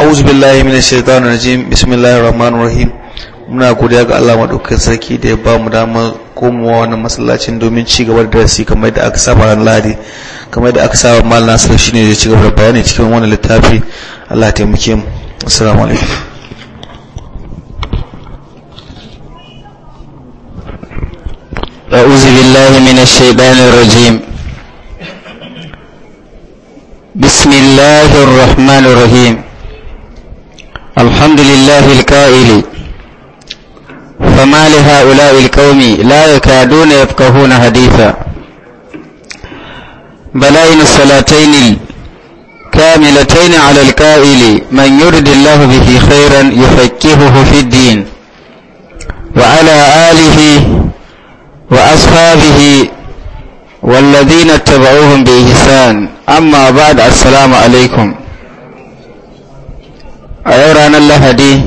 a'udhu billahi minash shaitani rajim bismillahir rahmanir rahim muna godiya ga Allah madaukakin sarki da ya ba mu damar komowa wannan masallacin domin ci gaba da darasi kamar da aka saba ran ladi kamar da aka saba mal nasir shine ya ci gaba da bayani cikin wannan littafi Allah ya taimake mu assalamu alaikum أعوذ بالله من الشيطان الرجيم بسم الله الرحمن الرحيم الحمد لله الكائل فما لهؤلاء القوم لا يكادون يفقهون حديثا بلائن الصلاتين الكاملتين على الكائل من يرد الله به خيرا يفكهه في الدين وعلى آله وأصحابه والذين اتبعوهم بإحسان أما بعد السلام عليكم a yau ranar lahadi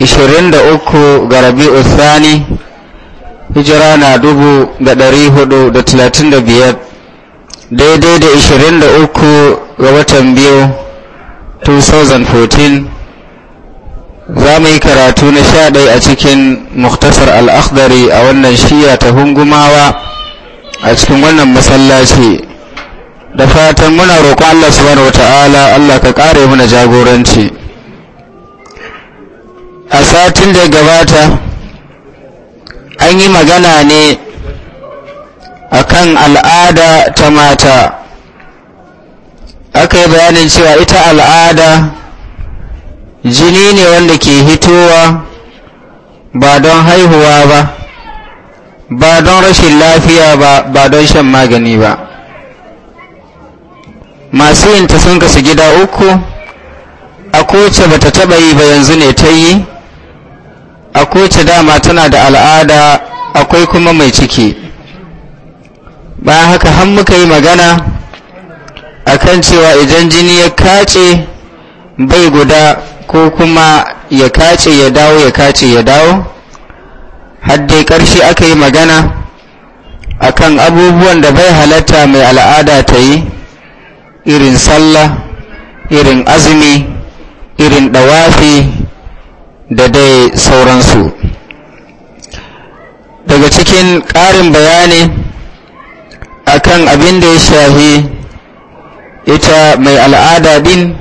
23 ga rabi usani hijira na dubu da dari hudu da talatin da biyar daidai da 23 ga watan biyu 2014 za mu yi karatu na sha ɗaya a cikin muktasar al'akhdari a wannan shiya ta hungumawa a cikin wannan masallaci da fatan muna roƙon Allah subhanahu wata'ala Allah ka ƙare mana jagoranci a satin da gabata an yi magana ne a kan al'ada ta mata aka yi bayanin cewa ita al'ada jini ne wanda ke hitowa ba don haihuwa ba ba don rashin lafiya ba ba don shan magani ba masu yin ta sun kasu gida uku a kowace ba ta taɓa yi ba yanzu ne ta yi a kowace dama tana da al'ada akwai kuma mai ciki bayan haka har muka yi magana akan cewa idan jini ya kace bai guda ko kuma ya kace ya dawo ya kace ya dawo haddai ƙarshe aka yi magana akan abubuwan da bai halatta mai al'ada ta yi irin sallah irin azumi irin dawafi da dai sauransu daga cikin ƙarin bayani akan abin da ya shafi ita mai al'ada din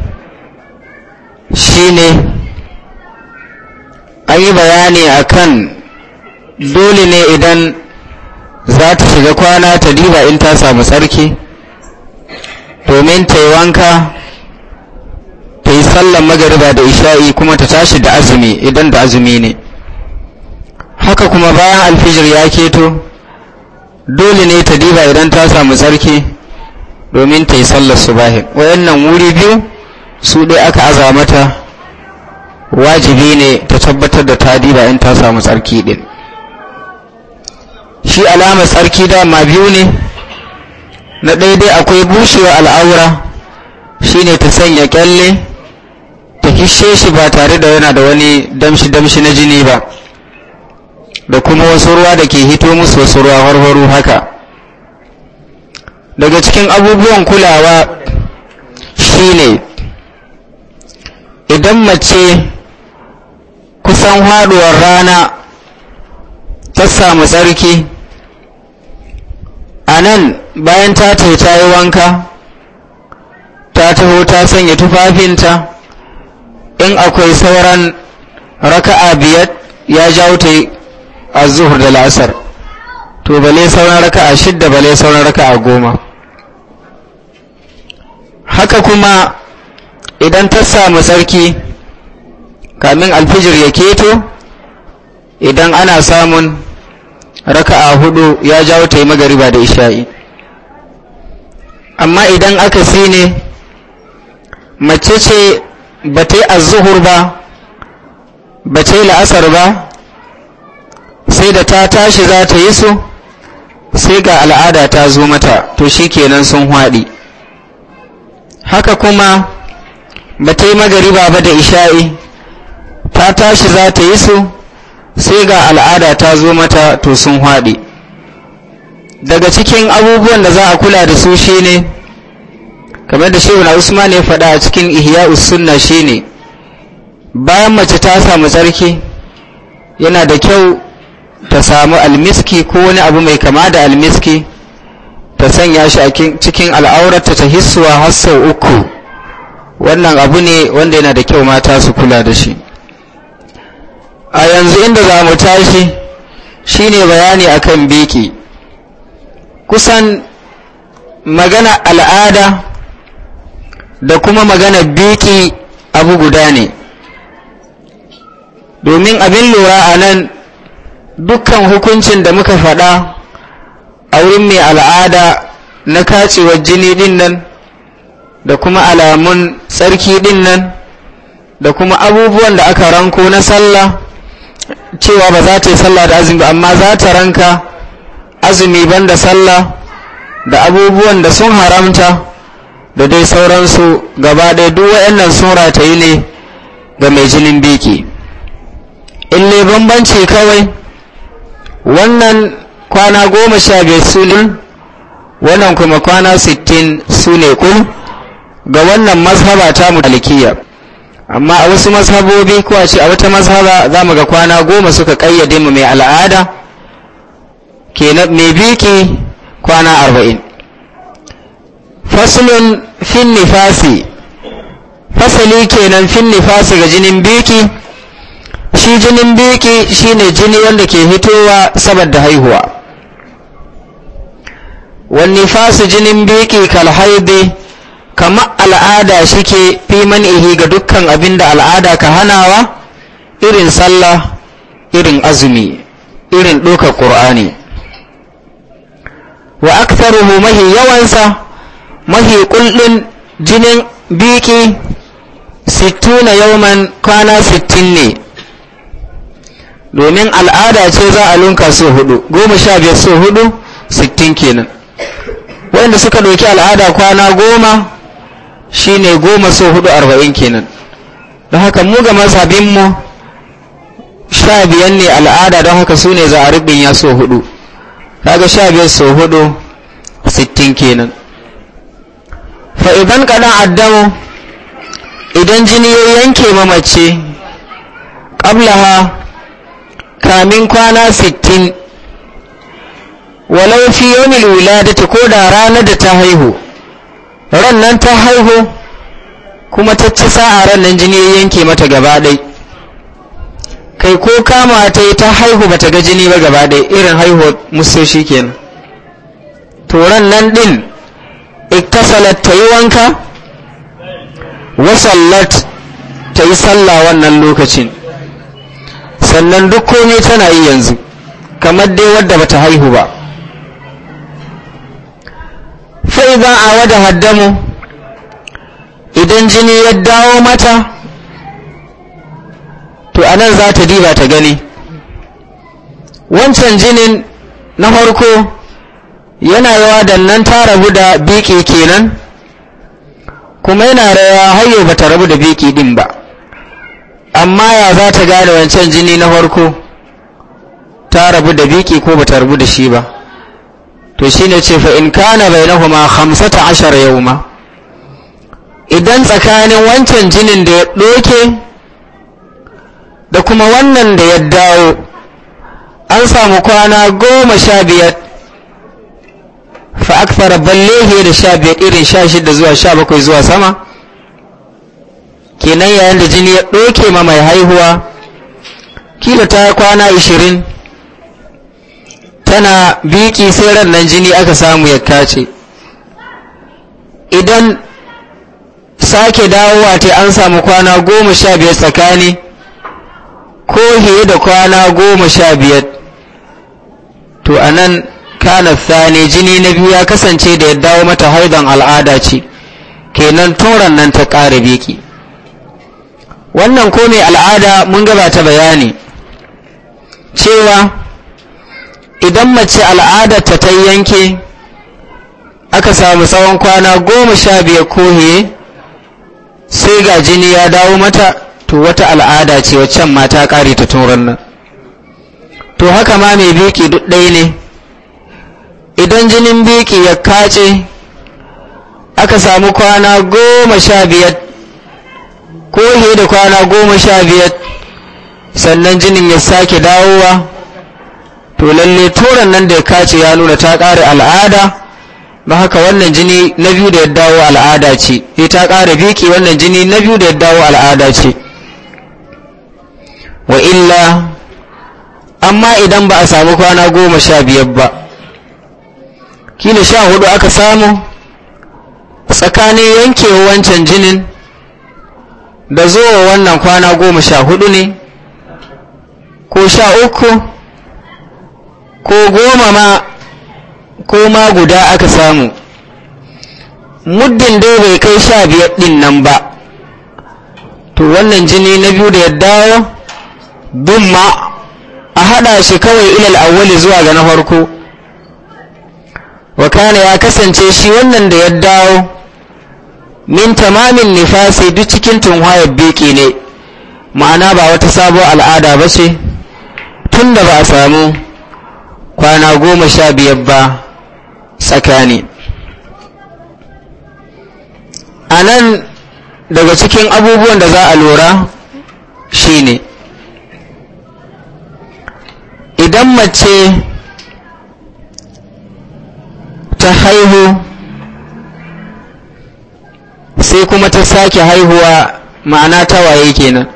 shine an yi bayani akan dole ne idan za ta shiga kwana ta diba in ta samu tsarki domin ta yi wanka ta yi sallan magariba da isha'i kuma ta tashi da azumi idan da azumi ne haka kuma bayan alfijir ya keto dole ne ta diba idan ta samu tsarki domin ta yi sallar su bahi wayannan wuri biyu su dai aka aza mata wajibi ne ta tabbatar da ta diba in ta samu tsarki din shi alama tsarki dama biyu ne na daidai akwai bushewa al'aura shine ta sanya kyalle ta hishe shi ba tare da yana da wani damshi-damshi na jini ba da kuma wasu ruwa da ke hito musu wasu ruwa warwaru haka daga cikin abubuwan kulawa shine idan mace kusan haduwar rana ta samu tsarki a nan bayan ta tafi ta yi wanka ta taho ta sanya tufafinta in akwai sauran raka'a biyar ya jawo ta a zuhur da la'asar to bale sauran raka'a shidda bale sauran raka'a goma haka kuma idan ta samu tsarki kamin alfijir ya keto idan ana samun raka'a hudu ya jawo ta yi magariba da isha'i amma idan aka si ne mace ce ba ta yi azuhur ba ba ta yi la'asar ba sai da ta tashi za ta yi su sai ga al'ada ta zo mata to shi kenan sun haɗi haka kuma ba ta yi magariba ba da isha'i ta tashi za ta yi su sai ga al'ada ta zo mata to sun haɗe daga cikin abubuwan da za a kula da su shine kamar da shehu na usman ya faɗa a cikin ihya shi ne bayan mace ta samu tsarki yana da kyau ta samu almiski ko wani abu mai kama da almiski ta sanya shi a cikin al'aurarta ta hissuwa har sau uku wannan abu ne wanda yana da kyau mata su kula da shi a yanzu inda za mu tashi shine bayani akan biki kusan magana al'ada da kuma magana biki abu guda ne domin abin lura a nan dukkan hukuncin da muka faɗa a wurin mai al'ada na kacewar jini din nan da kuma alamun tsarki din nan da kuma abubuwan da aka ranko na sallah cewa ba za ta yi sallah da azumi ba amma za ta ranka azumi banda sallah da abubuwan da sun haramta da dai sauransu gaba ɗaya duk wa'annan sun ratayi ne ga mai jinin biki in ne bambanci kawai wannan kwana goma sha biyar su ne wannan kuma kwana sittin su ne kun ga wannan mazhaba ta mutalikiyar amma a wasu mazhabobi ko a ce a wata mazhaba za mu ga kwana goma suka kayyade mu mai al'ada kenan mai biki kwana arba'in fin nifasi fasali kenan fin nifasi ga jinin biki shi jinin biki shi ne jini wanda ke hitowa saboda haihuwa wani fasu jinin biki kalhaibe kama al'ada shike fi man'ihi ga dukkan abin da al'ada ka hanawa irin sallah irin azumi irin ɗaukar ƙur'ani wa aktharuhu mahi yawansa mahi ƙulɗin jinin biki yau man kwana sittin ne domin al'ada ce za a lunka su hudu goma sha biyar su hudu sittin kenan wanda suka ɗauki al'ada kwana goma shi ne goma so hudu arba'in kenan don haka mu ga mazhabinmu sha biyan ne al'ada don haka su ne za a rubin ya so hudu kaga sha biyar so hudu sittin kenan fa idan kadan addamu idan jini ya yanke mamace ƙablaha kamin kwana sittin walau fi yawmil wiladati ko da ranar da ta haihu ran nan ta haihu kuma ta ci sa'a ran nan jini ya yanke mata gaba ɗai kai ko kama ta yi ta haihu ba ta ga jini ba gaba ɗai irin haihuwar shi kenan to ran nan ɗin iktasalat ta yi wanka wasallat ta yi sallah wannan lokacin sannan duk komai tana yi yanzu kamar dai wadda bata haihu ba sai za a wada haddamu idan jini ya dawo mata to a nan za ta diba ta gani wancan jinin na farko yana yawa da nan ta rabu da beke kenan kuma yana rawa hayo ba ta rabu da beke din ba amma ya za ta gane wancan jini na farko ta rabu da beke ko ba ta rabu da shi ba to shi ne ce fa in kana ashar yau ma idan tsakanin wancan jinin da ya doke da kuma wannan da ya dawo an samu kwana goma sha biyar fa fara balle da sha biyar irin sha shida zuwa sha bakwai zuwa sama kenan yayin da jini ya ɗoke ma mai haihuwa kila ta kwana ishirin tana biki sai rannan jini aka samu ya kace idan sake dawowa ta an samu kwana goma sha biyar tsakani ko hiye da kwana goma sha biyar to a nan kana sani jini na biyu ya kasance da ya dawo mata haidan al'ada ce kenan turan nan ta ƙara biki wannan ko mai al'ada mun gabata bayani cewa idan mace al'adarta ta yanke aka samu tsawon kwana goma sha biyar kohiye sai ga jini ya dawo mata to wata al'ada ce waccan mata ƙari ta turan nan to haka ma mai biki duk ɗaya ne idan jinin biki ya kace aka samu kwana goma sha biyar kohiye da kwana goma sha biyar sannan jinin ya sake dawowa to lalle toran nan da ya kace ya nuna ta ƙare al'ada ba haka wannan jini na biyu da ya dawo al'ada ce Eh ta ƙare biki wannan jini na biyu da ya dawo al'ada ce wa illa amma idan ba a samu kwana goma sha biyar ba kila sha hudu aka samu tsakanin yankewa wancan jinin da zuwa wannan kwana goma sha hudu ne ko sha uku ko goma ma ko ma guda aka samu muddin dai bai kai sha biyar ɗin nan ba to wannan jini na biyu da ya dawo ma. a haɗa shi kawai ilal awwali zuwa ga na farko wakana ya kasance shi wannan da ya dawo min tamamin nifasi duk cikin tunhaya beki ne ma'ana ba wata sabuwar al'ada ba ce tun da ba a samu kwana goma sha biyar ba tsakani a nan daga cikin abubuwan da za a lura shine idan mace ta haihu sai kuma ta sake haihuwa ma'ana ta waye kenan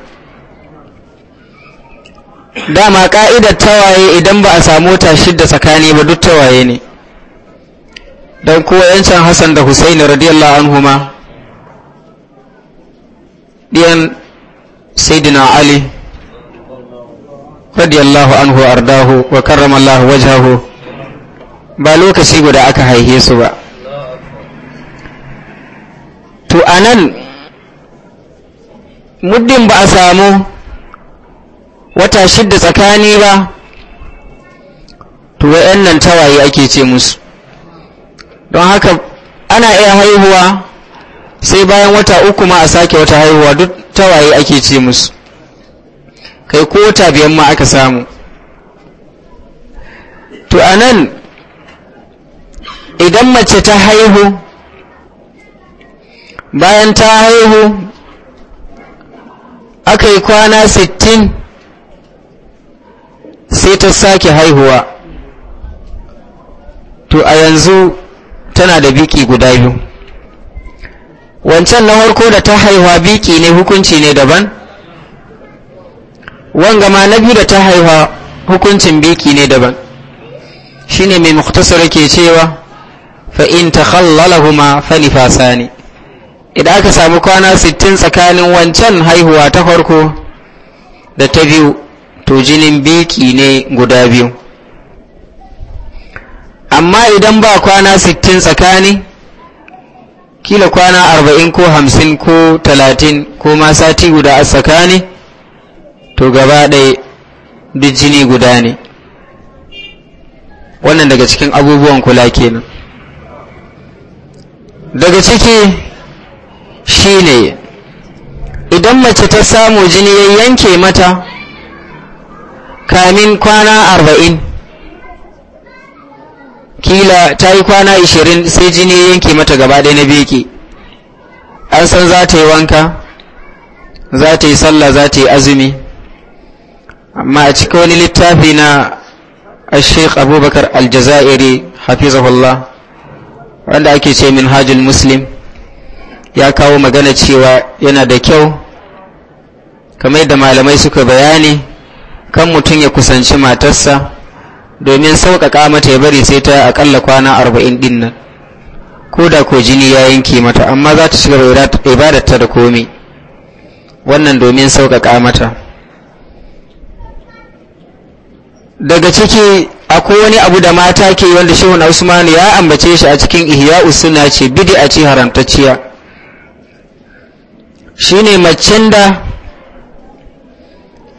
dama ka'idar tawaye idan ba a samu wata shidda tsakani ba duk tawaye ne don kuwa yancan hassan da husaini radiyallahu anhu ma. ɗiyan saidina ali radiyallahu anhu ardahu wa karramallahu wajahu ba lokaci guda aka haihe su ba to anan muddin ba a samu wata shidda tsakani ba to wa'yan nan tawaye ake ce musu don haka ana iya haihuwa sai bayan wata uku ma a sake wata haihuwa duk tawaye ake ce musu kai ko wata biyan ma aka samu to a nan idan mace ta haihu bayan ta haihu aka yi kwana sittin sai ta sake haihuwa to a yanzu tana da biki guda biyu wancan na farko da ta haihuwa biki ne hukunci ne daban wanga ma na biyu da ta haihuwa hukuncin biki ne daban shine mai muktasar ke cewa fa in fasa ne idan aka samu kwana sittin tsakanin wancan haihuwa ta farko da ta biyu to jinin beki ne guda biyu amma idan ba kwana sittin tsakani kila kwana arba'in ko hamsin ko talatin ko ma sati guda a tsakani to gaba ɗaya duk jini guda ne wannan daga cikin abubuwan kula kenan daga ciki shi ne idan mace ta samu jini ya yanke mata kamin kwana arba'in kila ta yi kwana ashirin sai jini ya yanke mata gaba ɗaya na biki. an san za ta yi wanka za ta yi sallah za ta yi azumi amma a cikin wani littafi na shek abubakar aljazairi hafizahullah wanda ake ce min hajjul muslim ya kawo magana cewa yana da kyau kamar yadda malamai suka bayani kan mutum ya kusanci matarsa domin sauƙaƙa mata ya bari sai ta aƙalla kwana arba'in ɗin nan ko da ko jini ya yanke mata amma za ta shiga ibadarta da komai wannan domin sauƙaƙa mata daga ciki akwai wani abu da mata ke wanda shehu na usman ya ambace shi a cikin ihya usuna ce bidi a ce haramtacciya shine macen da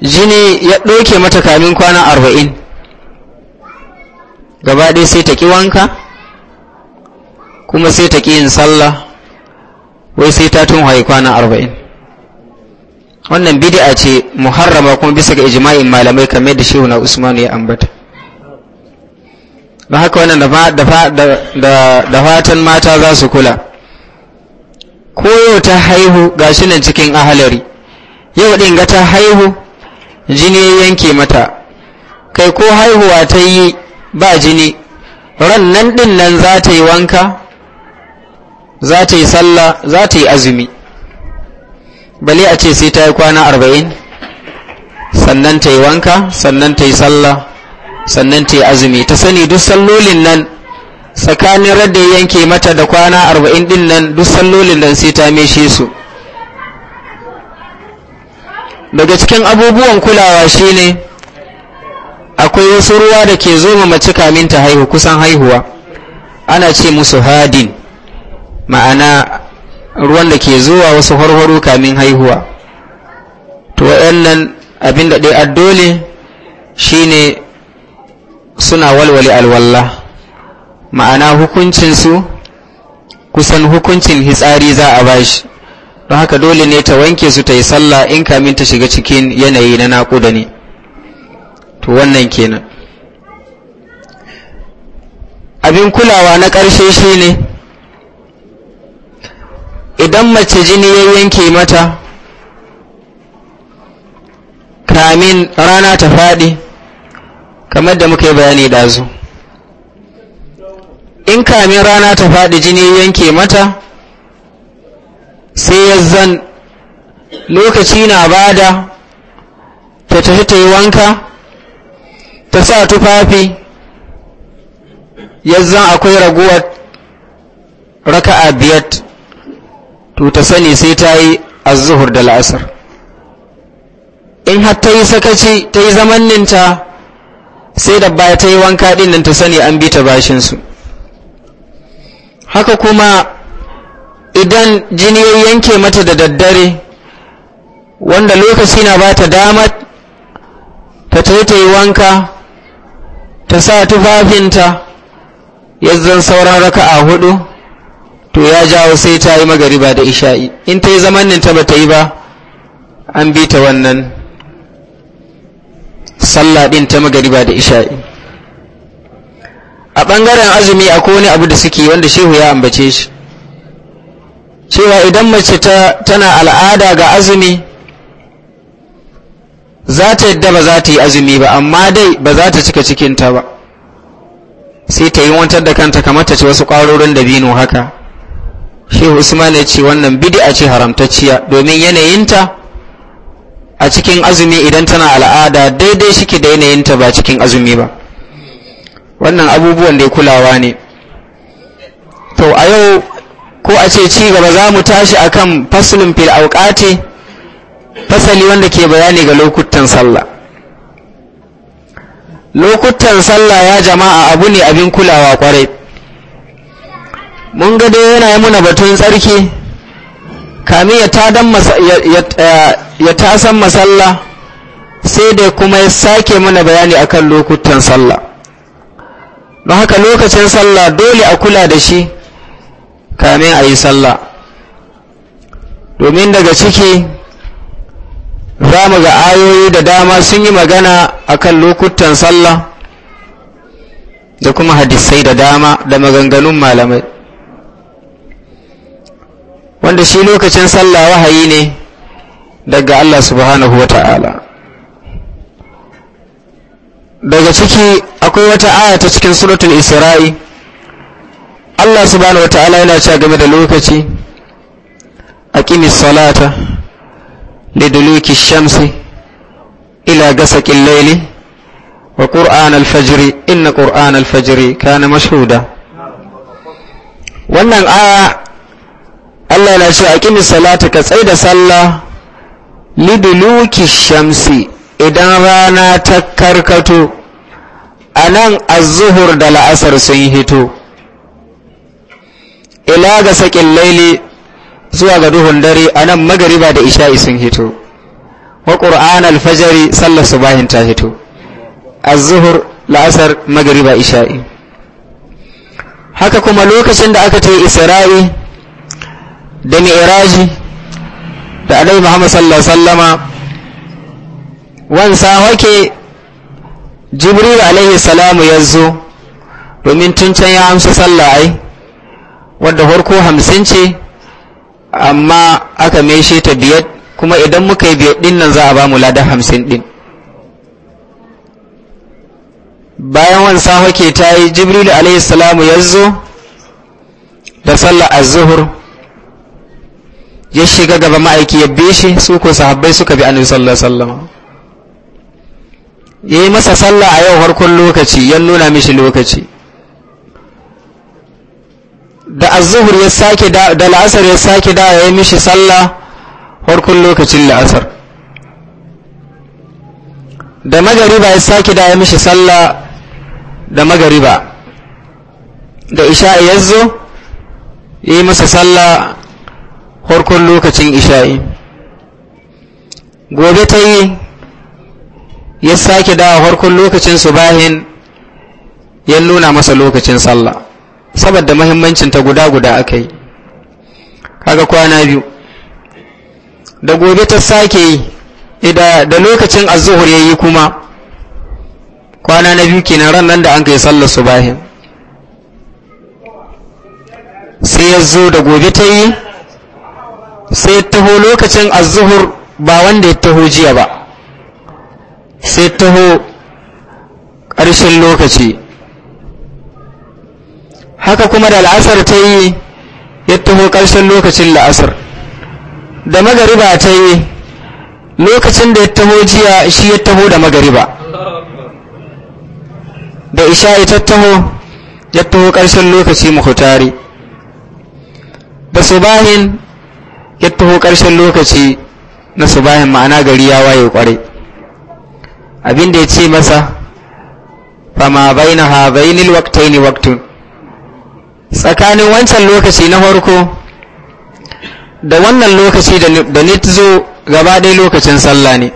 jini ya ɗauke mata kamin kwana arba'in gaba ɗaya sai ta ƙi wanka kuma sai ta ƙi yin sallah wai sai ta tun haye kwana arba'in wannan bidi'a ce muharrama kuma bisa ga ijma'in malamai kamar da shehu na usmanu ya ambata don haka wannan da fatan mata za su kula ko yau ta haihu gashi nan cikin ahalari yau ɗin ga ta haihu jini yanke mata kai ko haihuwa ta yi ba jini ran nan din nan za ta yi wanka za ta yi sallah za ta yi azumi bale a ce sai ta yi kwana arba'in sannan ta yi wanka sannan ta yi sallah sannan ta yi azumi ta sani duk sallolin nan tsakanin radda yanke mata da kwana arba'in din nan duk sallolin nan sai ta meshe su daga cikin abubuwan kulawa shine akwai wasu ruwa da ke zo ma mace kamin ta haihu kusan haihuwa ana ce musu hadin ma'ana ruwan da ke zuwa wasu harharo kamin haihuwa to waɗannan abin da ɗaya dole shine suna walwale alwalla ma'ana hukuncinsu kusan hukuncin hitsari za a bashi don haka dole ne ta wanke su ta yi sallah in kamin ta shiga cikin yanayi na naƙuda ne to wannan kenan abin kulawa na ƙarshe shi ne idan mace jini ya yanke mata kamin rana ta faɗi kamar da muka yi bayani ɗazu in kamin rana ta faɗi jini ya yanke mata sai ya lokaci na bada ta tafi ta yi wanka ta sa tufafi ya zan akwai raguwar raka'a biyar to ta sani sai ta yi azuhur da la'asar in har ta yi sakaci ta yi zamanninta sai da baya ta yi wanka ɗin nan ta sani an bi ta bashinsu haka kuma idan jini ya yanke mata da daddare wanda lokaci na ba ta damar ta ta wanka ta sa tufafinta yanzan sauran raka'a hudu to ya jawo sai ta yi magariba da isha'i in ta yi zamanin ta ba ta yi ba an bi ta wannan sallah din ta magariba da isha'i a ɓangaren azumi akwai wani abu da suke wanda shehu ya ambace shi cewa idan mace tana al'ada ga azumi za ta yadda ba za ta yi azumi ba amma dai ba za ta cika cikinta ba sai ta yi wantar da kanta kamar ta ci wasu ƙwarorin dabino haka shehu usman ya ce wannan bidi a ce haramtacciya domin yanayinta a cikin azumi idan tana al'ada daidai shike da yanayinta ba cikin azumi ba wannan abubuwan da ya kulawa ne to a yau ko a ce ci gaba za mu tashi akan faslun fil auqati fasali wanda ke bayani ga lokutan sallah lokutan sallah ya jama'a abu ne abin kulawa kwarai mun gado yana yi muna batun tsarki kami ya tasan masalla sai da kuma ya sake muna bayani akan lokutan sallah don haka lokacin sallah dole a kula da shi kamin a yi sallah domin daga ciki za mu ga ayoyi da dama sun yi magana a kan lokutan sallah da kuma hadisai da dama da maganganun malamai wanda shi lokacin sallah wahayi ne daga Allah subhanahu wa ta'ala daga ciki akwai wata aya ta cikin suratul isra'i Allah subhanahu wata'ala yana cewa game da lokaci aqimi salata liduluki shamsi ila gasaqil layli wa qur'an al inna qur'an al-fajr kana mashhuda wannan aya Allah yana cewa aqimi salata ka tsai da sallah liduluki shamsi idan rana ta karkato a nan azuhur da la'asar sun hito ila ga saƙin laili zuwa ga duhun dare a nan magariba da isha'i sun hito wa ƙur'an alfajari sallar subahin ta hito az-zuhur la'asar magariba isha'i haka kuma lokacin da aka tayi isra'i da mi'raji da alai Muhammad sallallahu alaihi wasallama wansa wake jibril alaihi salamu yazo domin tun can ya amsa sallah ai wadda farko hamsin ce amma aka meshe ta biyar kuma idan muka yi biyar din nan za a ba mu ladan hamsin din. bayan wansa hake ta yi jibril alaihissalamu ya zo da sallar azuhur ya shiga gaba ma'aiki ya bi shi su ko sahabbai suka bi annabi sallallahu alaihi wasallam ya masa sallah a yau farkon lokaci ya nuna mishi lokaci da azuhur ya sake da la'asar ya sake da ya yi mishi sallah farkon lokacin la'asar da magariba ya sake da ya mishi sallah da magariba da isha'i ya zo ya yi masa sallah farkon lokacin isha'i gobe ta yi ya sake da farkon lokacin subahin ya nuna masa lokacin sallah saboda mahimmancin ta guda guda aka yi kaga kwana biyu da gobe ta sake yi ida da lokacin azuhur ya yi kuma kwana na biyu kenan ran nan da an kai sallar subahin sai ya zo da gobe ta yi sai taho lokacin azuhur ba wanda ya taho jiya ba sai taho ƙarshen lokaci haka kuma da al'asar ta yi ya taho ƙarshen lokacin la'asar da magariba ta yi lokacin da ya taho jiya shi ya taho da magariba da isha ta taho ya taho ƙarshen lokaci muhutari da subahin ya taho ƙarshen lokaci na subahin ma'ana gari ya waye ƙwarai abinda ya ce masa fama bai na bainaha bainil ni waktun tsakanin wancan lokaci na farko da wannan lokaci da ta zo gaba ɗaya lokacin sallah ne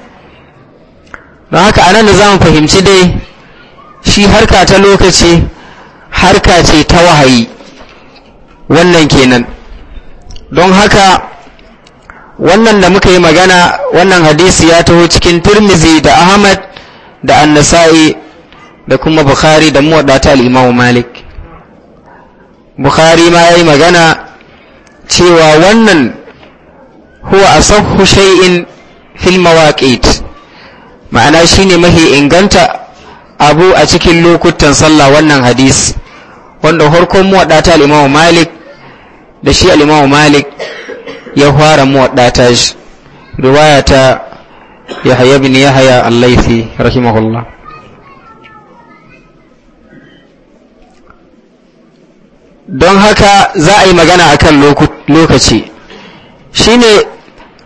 don haka a nan da za mu fahimci dai shi harka ta lokaci harka ce ta wahayi wannan kenan don haka wannan da muka yi magana wannan hadisi ya taho cikin turmizi da ahmad da annasa'i da kuma bukhari da muwadda ta al'imamu malik bukhari ma yayi magana cewa wannan huwa asahhu shay'in fil mawaqit ma'ana shine mahi inganta abu a cikin lokutan sallah wannan hadis wanda harkon muwaddata al-Imam Malik da shi al Malik ya fara muwaddata shi riwaya ta Yahya bin yahaya al-Laythi rahimahullah don haka za a yi magana akan lokaci shine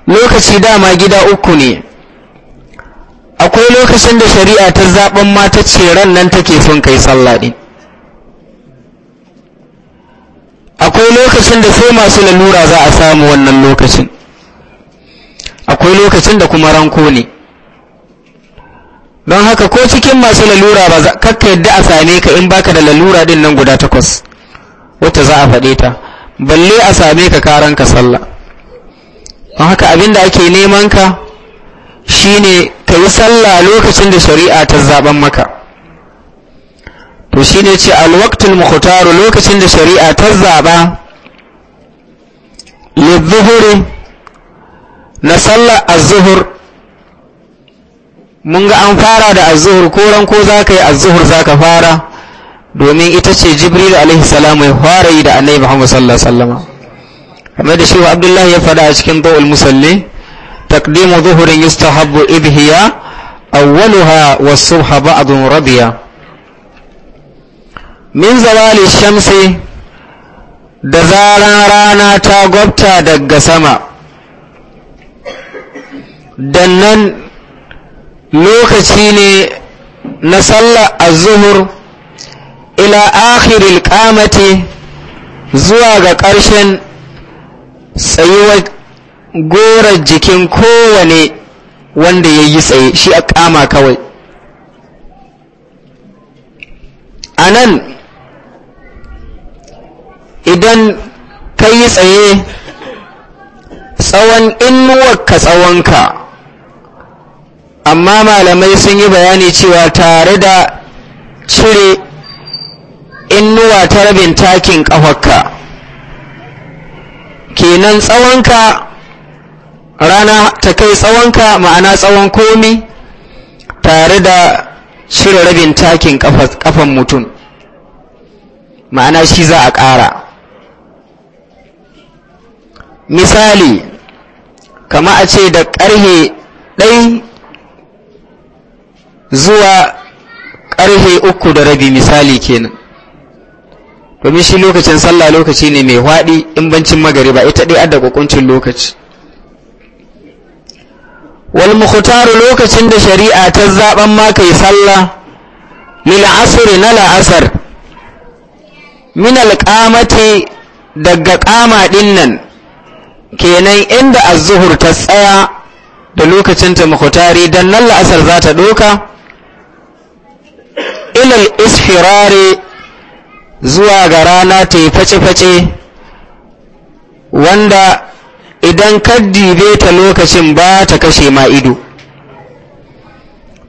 lokaci dama gida uku ne akwai lokacin da shari'a ta zaɓen mata ce ran nan take son kai sallah ɗin akwai lokacin da sai masu lalura za a samu wannan lokacin akwai lokacin da kuma ranko ne don haka ko cikin masu lalura ba za kakka yadda a same ka in baka da lalura ɗin nan guda takwas wata za a faɗe ta balle a same ka karan ka sallah don haka abin ake neman ka shine ka yi sallah lokacin da shari'a ta zaben maka to shine ce alwaktul mukhtaru lokacin da shari'a ta zaba lizuhuri na sallar zuhur mun ga an fara da azzuhur ko ran ko za ka yi azzuhur za ka fara domin ita ce jibril alaihi salamu ya fara yi da annabi muhammad sallallahu alaihi wasallama kamar da abdullahi ya fada a cikin dawul musalli taqdimu zuhurin yustahabbu idhiya awwaluha was-subha ba'dun radiya min zawali shamsi da zaran rana ta gwabta daga sama dannan lokaci ne na sallar az-zuhur ila akhiril qamati zuwa ga ƙarshen tsayuwar goro jikin kowane wanda ya yi tsaye shi a kama kawai a nan idan ka yi tsaye tsawon inuwarka tsawonka amma malamai sun yi bayani cewa tare da cire innuwa ta rabin takin ƙafarka kenan tsawonka rana ta kai tsawonka ma'ana tsawon komi tare da cire rabin takin ƙafan mutum ma'ana shi za a ƙara misali kama a ce da ƙarhe ɗai zuwa ƙarhe uku da rabi misali kenan domin shi lokacin sallah lokaci ne mai hwaɗi in bancin ba ita dai adda kukuncin lokaci wal mukhtaru lokacin da shari'a ta zaben ma kai sallah lil asr na la'asar min al daga qama din nan kenan inda az-zuhur ta tsaya da lokacin ta mukhtari dan nan la'asar za ta doka ila al-isfirari zuwa ga rana ta yi face-face wanda idan kaddibe ta lokacin ba ta kashe ma ido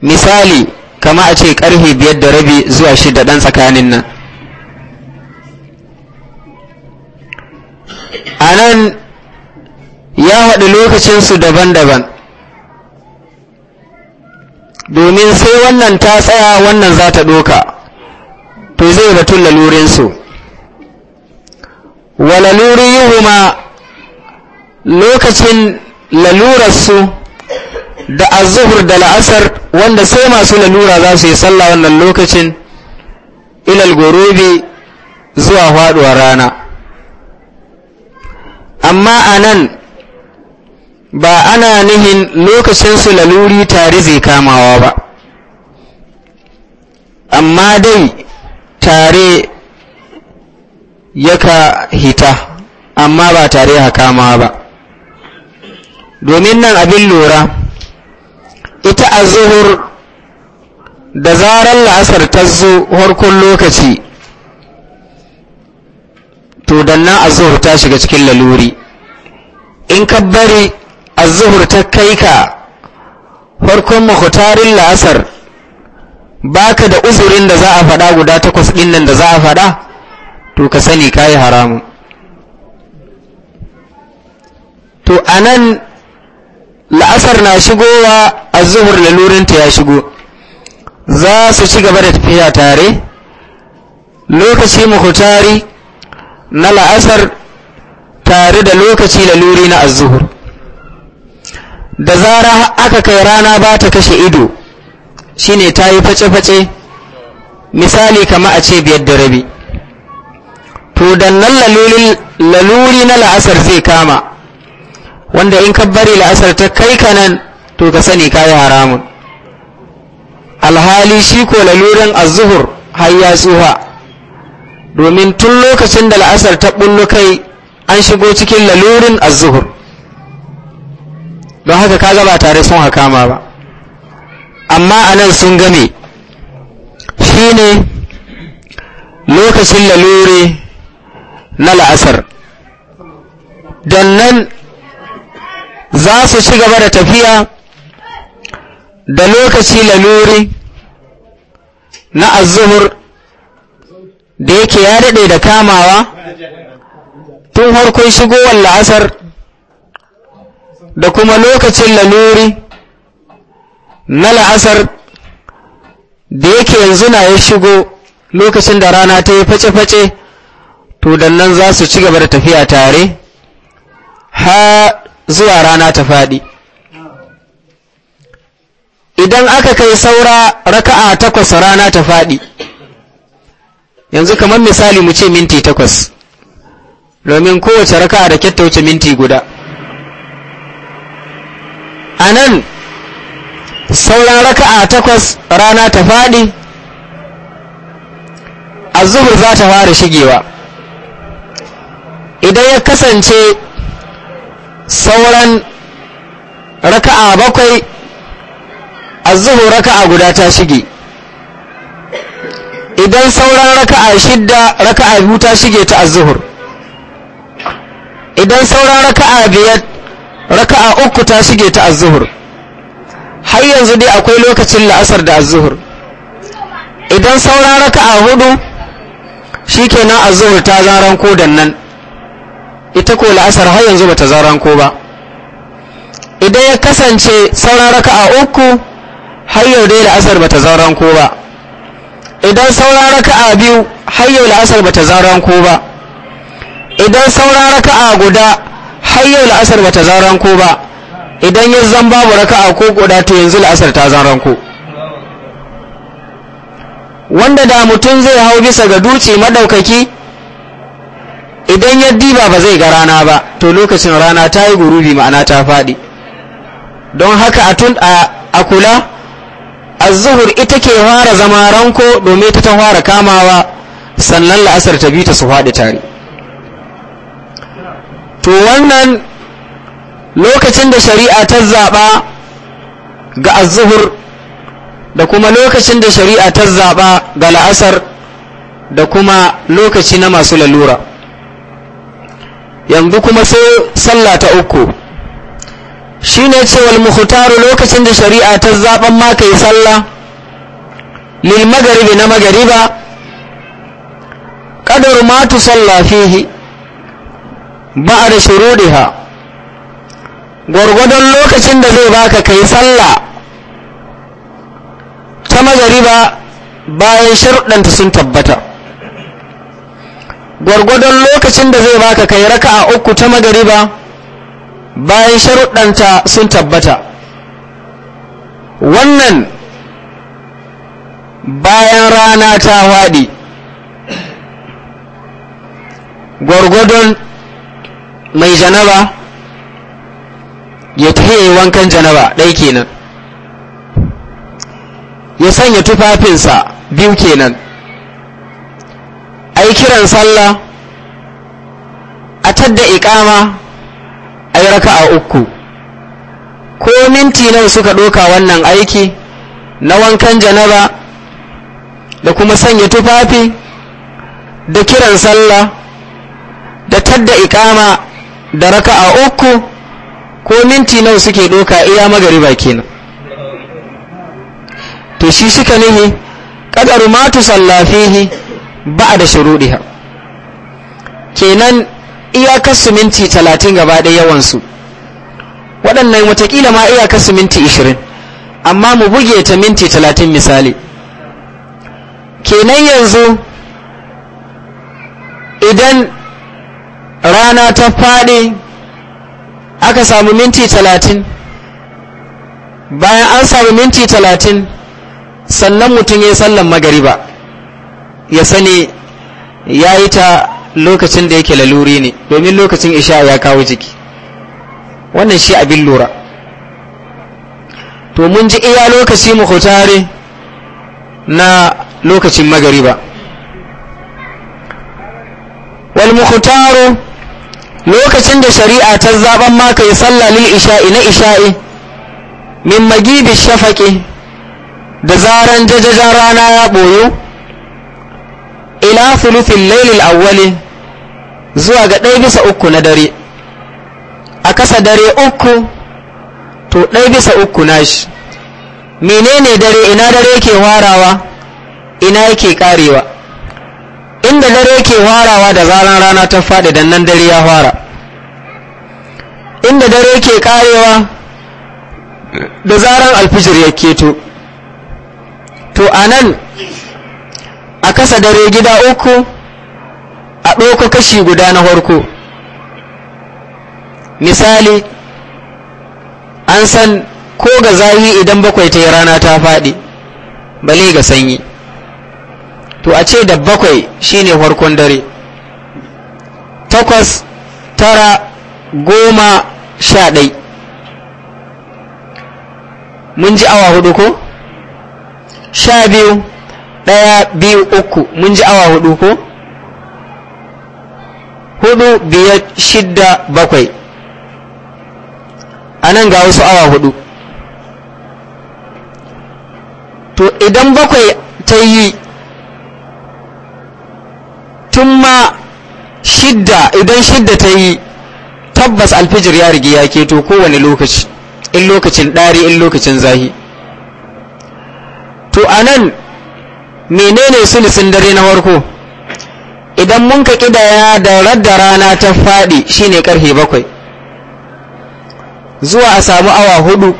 misali kama a ce karfe biyar da rabi zuwa shida dan tsakanin nan a nan ya haɗu lokacinsu daban-daban domin sai wannan ta tsaya wannan za ta ɗoka to zai batun lalurinsu wa laluriyuhuma lokacin lalurarsu da a azuhur da la'asar wanda sai masu lalura za su yi sallah wannan lokacin ilal gorobi zuwa faduwar rana amma a nan ba ana nihin lokacinsu laluri tare zai kamawa ba amma dai tare yaka hita amma ba tare hakama ba domin nan abin lura ita a zuhur da zarar la'asar ta zo harkun lokaci to danna a zuhur ta shiga cikin laluri in ka bari a zuhur ta kai ka harkun makotarin la'asar baka da uzurin da za a faɗa guda takwas ɗin nan da za a faɗa to ka sani ka yi haramu. to a nan la'asar na shigowa a zuhur lalurinta ya shigo za su ci gaba da tafiya tare lokaci mahutari na la'asar tare da lokaci laluri na azuhur da zara aka kai rana ba ta kashe ido shine ta yi face-face misali kama a ce biyar da rabi to dannan laluri na la'asar zai kama wanda in ka bari la'asar ta kai ka nan to ka sani ka yi haramun alhali shi ko lalurin azuhur har ya tsuha domin tun lokacin da la'asar ta bullo kai an shigo cikin lalurin azuhur don haka ka gaba tare sun hakama ba amma a nan sun game shi ne lokacin lalure na la'asar don nan za su ci gaba da tafiya da lokaci lalure na azuhur da yake ya daɗe da kamawa tun harkon shigowar la'asar da kuma lokacin lalure na la'asar da yake yanzu na ya shigo lokacin da rana ta yi face-face to nan za su ci gaba da tafiya tare ha zuwa rana ta faɗi idan aka kai saura raka'a takwas rana ta faɗi yanzu kamar misali mu ce minti takwas domin kowace raka'a da kyatta wuce minti guda a nan sauran raka'a takwas rana ta faɗi azuhur za ta fara shigewa idan ya kasance sauran raka'a bakwai azuhur raka'a guda ta shige idan sauran raka'a shidda raka'a biyu ta shige ta azuhur idan sauran raka'a biyar raka'a uku ta shige ta azuhur har yanzu dai akwai lokacin la'asar da azuhur idan raka a hudu shikenan azuhur ta zaran ko nan ita ko la'asar har yanzu ta zaran ko ba idan ya kasance raka a uku har yau dai la'asar ta zaran ko ba idan raka a biyu har yau la'asar ta zaran ko ba idan raka a guda har yau la'asar ta zaran ko ba idan ya zan babu raka'a ko guda to yanzu la'asar ta zan ranko wanda da mutum zai hau bisa ga duce madaukaki idan ya diba ba zai ga rana ba to lokacin rana ta yi gurubi ma'ana ta faɗi don haka a a kula azuhur ita ke fara zama ranko domin ta ta fara kamawa sannan la'asar ta bi ta su faɗi tare to wannan lokacin da shari'a ta zaɓa ga azuhur da kuma lokacin da shari'a ta zaɓa ga la'asar da kuma lokaci na masu lalura yanzu kuma sai sallah ta uku Shi shine cewar muhutaru lokacin da shari'a ta zaɓan ma yi sallah lil magaribi na magariba ƙadar matu sallah fihi da shurudiha gwargwadon lokacin da zai baka kai sallah ta magariba bayan sharuɗanta sun tabbata gwargwadon lokacin da zai baka kai a uku ta magariba bayan sharuɗanta sun tabbata wannan bayan rana ta waɗi gwargwadon mai janaba ya tahe wankan janaba ɗai kenan ya sanya tufafinsa biyu kenan a yi kiran sallah a tadda ikama a yi raka a uku ko minti nan suka ɗoka wannan aiki na wankan janaba da kuma sanya tufafi da kiran sallah da tadda ikama da raka a uku ko minti nawa suke doka iya magariba kenan to shi suka nihi kadaru ma tusalla fihi ba'da shurudiha kenan iyakar su minti 30 gaba da yawan waɗannan watakila ma iyakar su minti 20 amma mu buge ta minti talatin misali kenan yanzu idan rana ta faɗi aka samu minti talatin bayan an samu minti talatin sannan mutum ya yi sallan magariba ya sani ya yi ta lokacin da yake laluri ne domin lokacin isha ya kawo jiki wannan shi abin lura to mun ji iya lokaci mu na lokacin magariba wal mukhtaru lokacin da shari'a ta zaben ma kai sallalin isha'i na isha'i min magibi shafaƙi da zaran jajajen rana ya boyo ila thuluthil laylil awwali zuwa ga ɗaya bisa uku na dare a kasa dare uku to ɗai bisa uku nashi menene dare ina dare ke warawa ina yake ƙarewa? inda dare ke farawa da zaran rana ta faɗi dan nan dare ya fara inda dare ke karewa da zaran alfijir ya keto to a nan a kasa dare gida uku a ɗauko kashi guda na farko misali an san ko ga zayi idan bakwai ta yi rana ta faɗi bale ga sanyi to a ce da bakwai shine farkon dare takwas tara goma sha ɗai mun ji awa hudu ko sha biyu ɗaya biyu uku mun ji awa hudu ko hudu biyar shidda bakwai a nan ga wasu awa hudu to idan bakwai ta yi idan shidda ta yi tabbas alfijir ya rigi ya keto kowane lokaci in lokacin ɗari in lokacin zahi to a nan menene sulisin dare na farko idan mun ka kidaya da radda rana ta faɗi shine karfe bakwai zuwa a samu awa hudu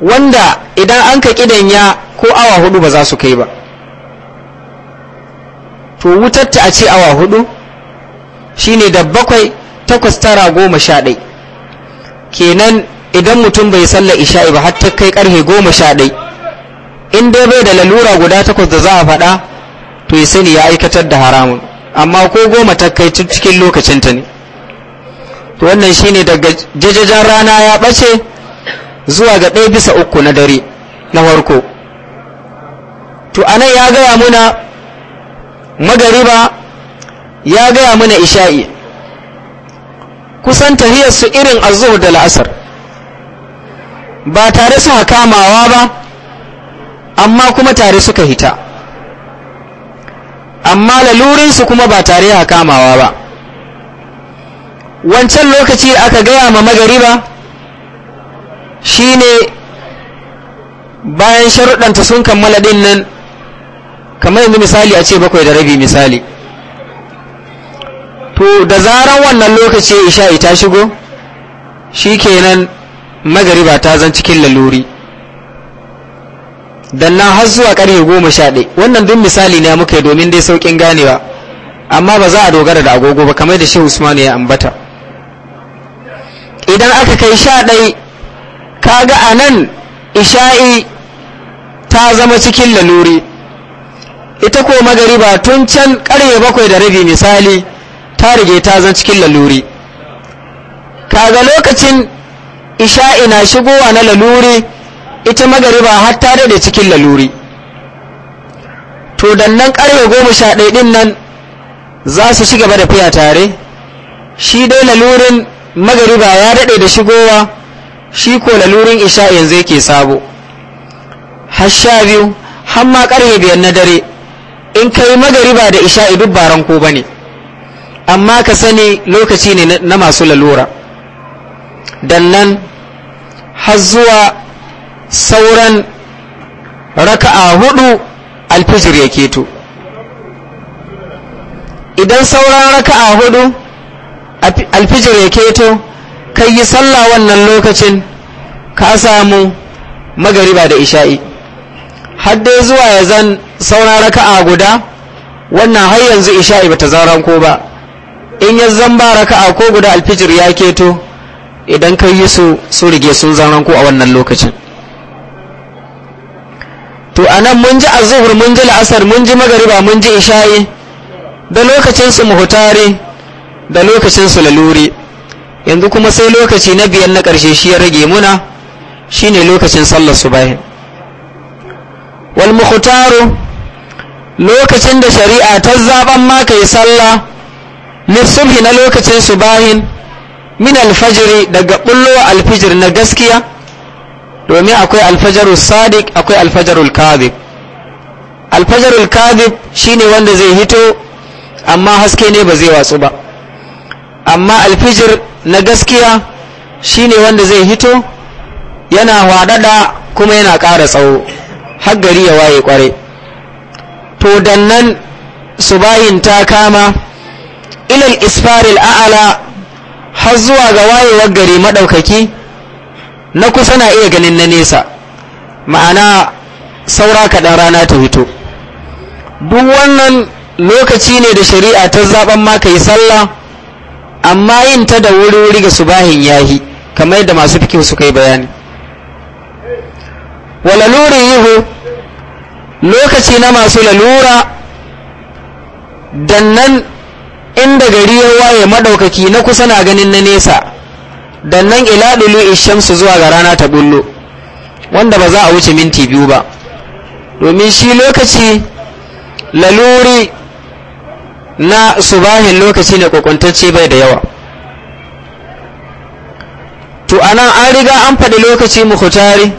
wanda idan an ka ya ko awa hudu ba za su kai ba to wutar ta a ce awa hudu shi ne da bakwai takwas tara goma sha ɗai kenan idan mutum bai salla isha'i ba har ta kai ƙarfe goma sha ɗai in dai bai da lalura guda takwas da za a faɗa to ya sani ya aikatar da haramun amma ko goma ta kai cikin lokacinta ne to wannan shi ne daga jajajen rana ya ɓace zuwa ga ɗaya bisa uku na dare na farko to anan ya gaya muna magariba ya gaya mana isha'i kusan su irin azur da la'asar ba tare suka kamawa ba amma kuma tare suka hita amma lalurinsu kuma ba tare ha kamawa ba wancan lokaci aka gaya ma magariba shine bayan sharuɗanta sun kammala ɗin nan kamar yanzu misali a ce bakwai da rabi misali to da zaran wannan lokaci Isha'i ta shigo shi shikenan magariba ta zan cikin laluri dan na har zuwa karfe goma sha wannan duk misali ne muka domin dai sauƙin ganewa amma ba za a dogara da agogo ba kamar da shi usman ya ambata idan aka kai sha ɗaya kaga a nan isha'i ta zama cikin laluri ita ko magariba tun can karye bakwai da rabi misali ta rige ta zan cikin laluri kaga lokacin isha'i na shigowa na laluri ita magariba har ta daɗe cikin laluri to dannan ƙarfe goma sha ɗaya ɗin nan za su ci gaba da fiya tare shi dai lalurin magariba ya daɗe da shigowa shi ko lalurin isha'i yanzu yake sabo har sha biyu har ma ƙarfe biyar na dare in kai magariba da isha'i duk baran ko ba ne amma ka sani lokaci ne na masu lalura dan nan har zuwa sauran raka'a hudu alfijir ya keto idan sauran raka'a hudu alfijir ya keto kai yi sallah wannan lokacin ka samu magariba da isha'i har zuwa ya zan sauran raka'a guda wannan har yanzu isha'i bata zaran ko ba in ya zamba raka'a ko guda alfijir ya keto idan ka yi su su rige sun zanen ko a wannan lokacin to anan mun ji azuhur mun ji la'asar mun ji magariba mun ji isha'i da lokacin su da lokacin su yanzu kuma sai lokaci na biyan na ƙarshe shi ya rage muna shine lokacin sallar subahi wal muhtaru lokacin da shari'a ta zaban ma kai sallah lissubhi na lokacin bayin min alfajiri daga bullo alfijir na gaskiya domin akwai alfajarul sadiq akwai alfajarul kadhib alfajarul kadhib shine wanda zai hito amma haske ne ba zai watsu ba amma alfijir na gaskiya shine wanda zai hito yana wadada kuma yana ƙara tsawo har gari ya waye kware to dannan subayin ta kama ilal isfaril a'ala har zuwa ga wayewar gari maɗaukaki na kusa na iya ganin na nesa ma'ana saura kaɗan rana ta fito duk wannan lokaci ne da shari'a ta zaɓen ma ka yi sallah amma yin ta da wuri-wuri ga subahin yahi kamar yadda masu fikin suka yi bayani wa lalurin yihu lokaci na masu lalura dannan inda gari ya waye madaukaki na kusa na ganin na nesa dan nan ila dulu zuwa ga rana ta bullo wanda ba za a wuce minti biyu ba domin shi lokaci laluri na subahin lokaci ne kwakwantacce bai da yawa to anan an riga an faɗi lokaci mukhtari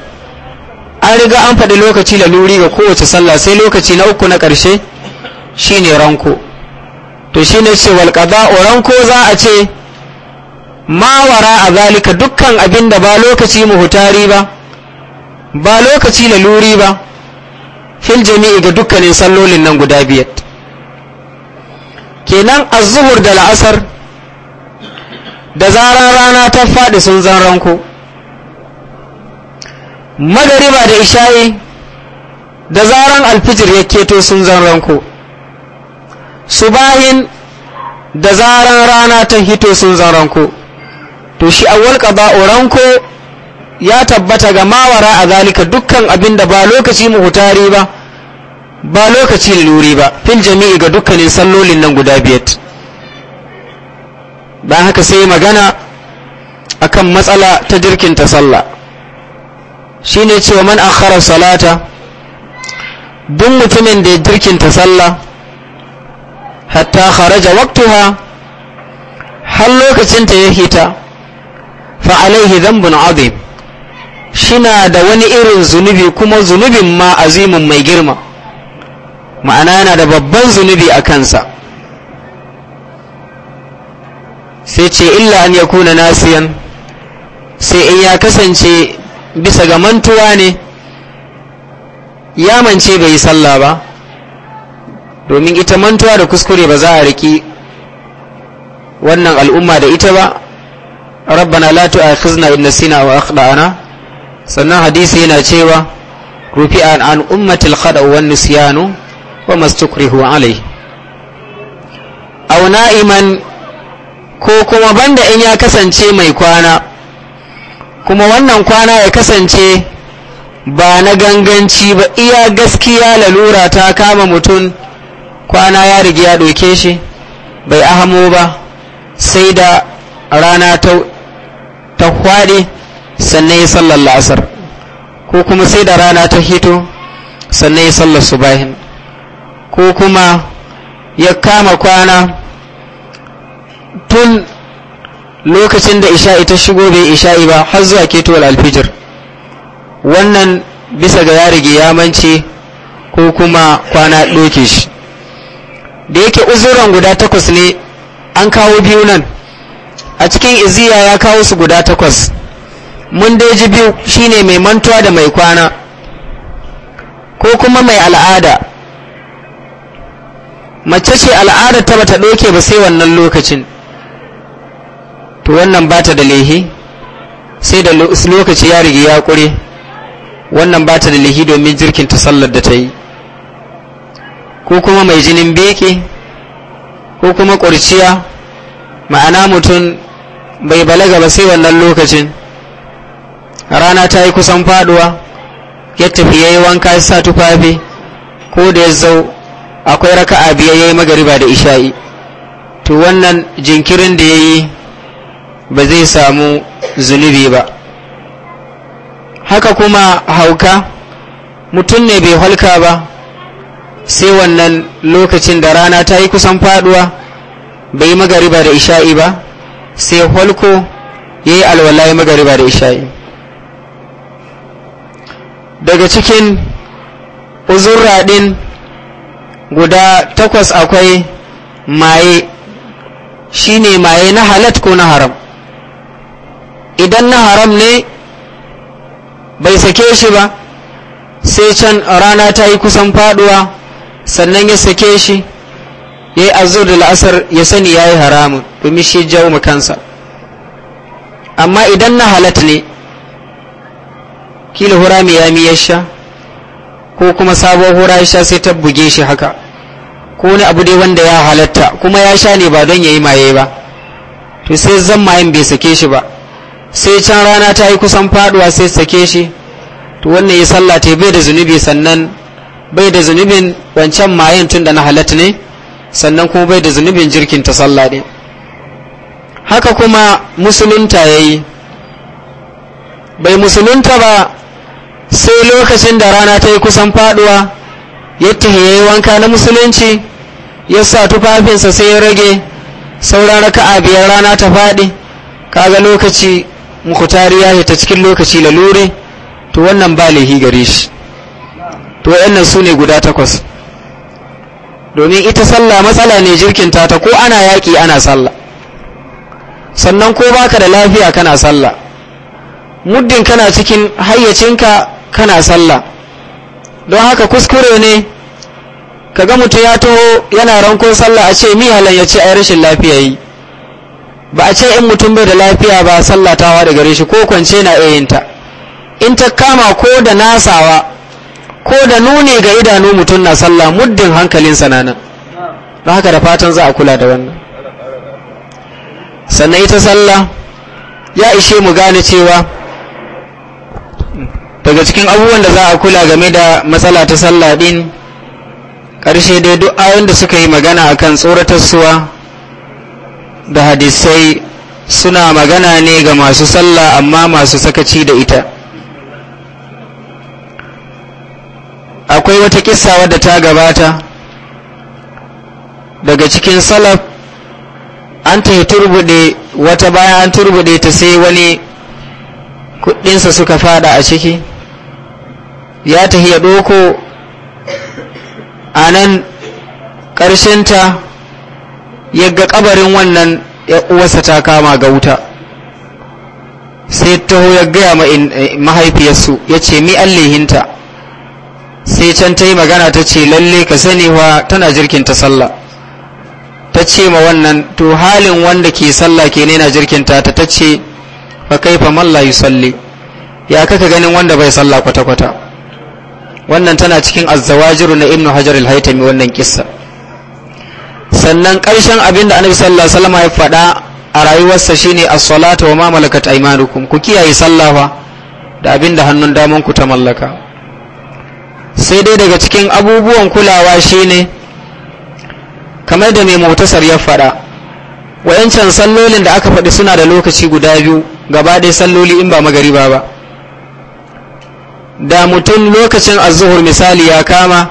an riga an faɗi lokaci laluri ga kowace sallah sai lokaci na uku na ƙarshe shine ranko to shi ne ce walƙaza ko za a ce mawara a zalika dukkan abin da ba lokaci muhutari ba ba lokaci laluri ba fil jami'i ga dukkanin sallolin nan guda biyar kenan azuhur da la'asar da zarar rana ta faɗi sun zan ranko magariba da isha'i da zaran alfijir ya keto sun zan ranko Su subahin da zaran rana ta hito sun zan ranko to shi awwal qada ranko ya tabbata ga mawara a zalika dukkan abin da ba lokaci muhutari ba ba lokaci luri ba fil jami'i ga dukkanin sallolin nan guda biyar dan haka sai magana akan matsala ta jirkinta sallah shine cewa man akhara salata duk mutumin da ya jirkinta sallah hatta kharaja waqtuha har lokacin ta ya hita fa alaihi dhanbun azim shina da wani irin zunubi kuma zunubin ma azimin mai girma ma'ana yana da babban zunubi a kansa sai ce illa an yakuna nasiyan sai in ya kasance bisa ga mantuwa ne ya mance bai yi sallah ba domin ita mantuwa da kuskure ba za a riki wannan al'umma da ita ba rabbana la tu'akhizna in nasina wa akhdana sannan hadisi yana cewa rufi an an ummatil khada wan nisyanu wa mastukrihu alai aw na'iman ko kuma banda in ya kasance mai kwana kuma wannan kwana ya kasance ba na ganganci ba iya gaskiya lalura ta kama mutum kwana ya rigi ya ɗauke shi bai ahamo ba sai da rana ta hwaɗe sannan ya sallar la'asar ko kuma sai da rana ta hito sannan ya sallar bayan ko kuma ya kama kwana tun lokacin da isha'i ta shigo bai isha'i ba har zuwa ketowar alfijir wannan bisa ga ya rige ya mance ko kuma kwana ɗoke shi da yake uzuran guda takwas ne an kawo biyu nan a cikin iziya ya kawo su guda takwas mun dai ji biyu shine mai mantuwa da mai kwana ko kuma mai al'ada mace ce al'ada ta bata ɗauke ba sai wannan lokacin to wannan ba ta da lehi sai da lokaci ya rigi ya ƙure wannan ta da lehi domin jirkin ta sallar da ta yi ko kuma mai jinin beke ko kuma ƙurciya ma'ana mutum bai balaga ba sai wannan lokacin rana ta yi kusan faduwa ya tafi ya yi wanka ya sa tufafi ko da ya zau akwai raka'a biya ya yi magariba da isha'i to wannan jinkirin da ya yi ba zai samu zunubi ba haka kuma hauka mutum ne bai halka ba sai wannan lokacin da rana ta yi kusan faduwa bai magariba da isha'i ba sai holko ya yi alwala ya magariba da isha'i daga cikin uzurra ɗin guda takwas akwai maye shine maye na halat ko na haram idan na haram ne bai sake shi ba sai can rana ta yi kusan faduwa sannan ya sake shi ya yi azur da la'asar ya sani ya yi haramun domin shi jawo mu kansa amma idan na halat ne kila hura mai yami ya sha ko kuma sabon hura ya sha sai ta buge shi haka ko wani abu dai wanda ya halatta kuma ya sha ne ba don ya yi maye ba to sai zan mayan bai sake shi ba sai can rana ta yi kusan faduwa sai sake shi to wannan ya sallata bai da zunubi sannan bai da zunubin wancan mayan tun da na halatta ne sannan kuma bai da zunubin jirkin ta sallah ne haka kuma musulunta ya yi bai musulunta ba sai lokacin da rana ta yi kusan faduwa ya tahiye wanka na musulunci ya sa tufafinsa sai ya rage sauran raka'a biyar rana ta faɗi kaga lokaci mukutari ya ta cikin lokaci lalure to wannan ba laihi gare shi to wayannan su ne guda takwas domin ita sallah matsala ne jirkinta ta ko ana yaƙi ana sallah sannan ko baka da lafiya kana sallah muddin kana cikin hayyacinka kana sallah don haka kuskure ne ka ga mutu ya taho yana rankon sallah a ce mihalan ya ce a rashin lafiya yi ba a ce in mutum bai da lafiya ba sallatawa da gare shi ko kwance na iya in ta kama ko da nasawa ko da nuni ga idanu mutum na sallah muddin hankalinsa na nan don haka da fatan za a kula da wannan sannan ita sallah ya ishe mu gane cewa daga cikin abubuwan da za a kula game da matsala ta sallah din Karshe dai duk ayon da suka yi magana akan tsoratarsuwa da hadisai suna magana ne ga masu sallah amma masu sakaci da ita akwai wata kissa wadda ta gabata daga cikin salaf an ta turbude wata bayan an turbude ta sai wani kuɗinsa suka fada a ciki ya tahi ya doko a nan ta ya ƙabarin kabarin wannan uwarsa ta kama ga wuta sai taho ya gaya eh, mahaifiyarsu ya ce mi allihinta sai can ta yi magana ta ce lalle ka sani wa tana jirkinta sallah ta ce ma wannan to halin wanda ke sallah ke ne na jirkinta ta ta ce fa kaifa man la yusalli ya kaka ganin wanda bai sallah kwata kwata wannan tana cikin azzawajiru na ibnu hajar al-haytami wannan kissa sannan karshen abinda annabi sallallahu alaihi wasallam ya faɗa a rayuwarsa shine as-salatu wa ma malakat aymanukum ku kiyaye sallah da abinda hannun damanku ta mallaka sai dai daga cikin abubuwan kulawa shine kamar da mai motasar ya faɗa wayancan sallolin da aka faɗi suna da lokaci guda biyu gaba ɗaya salloli in ba magariba ba da mutum lokacin azuhur misali ya kama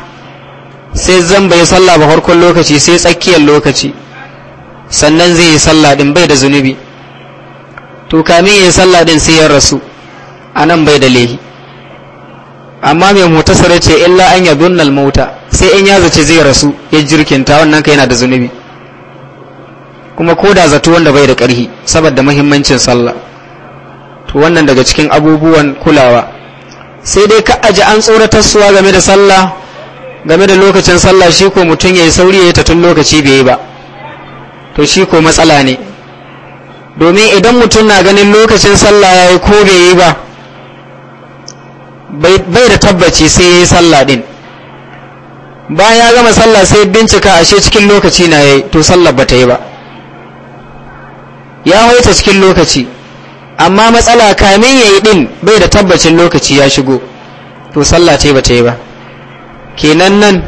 sai zan bai sallah ba farkon lokaci sai tsakiyar lokaci sannan zai yi salla din bai da zunubi to kamin ya yi sallah din sai ya rasu anan bai da lehi amma mai mutasar ya ce illa an ya dunnal mota sai in ya zace zai rasu ya jirkinta wannan ka yana da zunubi kuma ko da zato wanda bai da ƙarhi saboda muhimmancin sallah to wannan daga cikin abubuwan kulawa sai dai ka aji an tsoratar suwa game da sallah game da lokacin sallah shi ko mutum ya yi sauri ya yi tun lokaci bai yi ba to shi ko matsala ne domin idan mutum na ganin lokacin sallah ya yi ko bai yi ba bai da tabbaci sai ya yi sallah din bayan ya gama sallah sai bincika ashe cikin lokaci na ya yi to sallar ba ta yi ba ya waita cikin lokaci amma matsala kamin ya yi din bai da tabbacin lokaci ya shigo to sallah ta yi ba ta yi ba kenan nan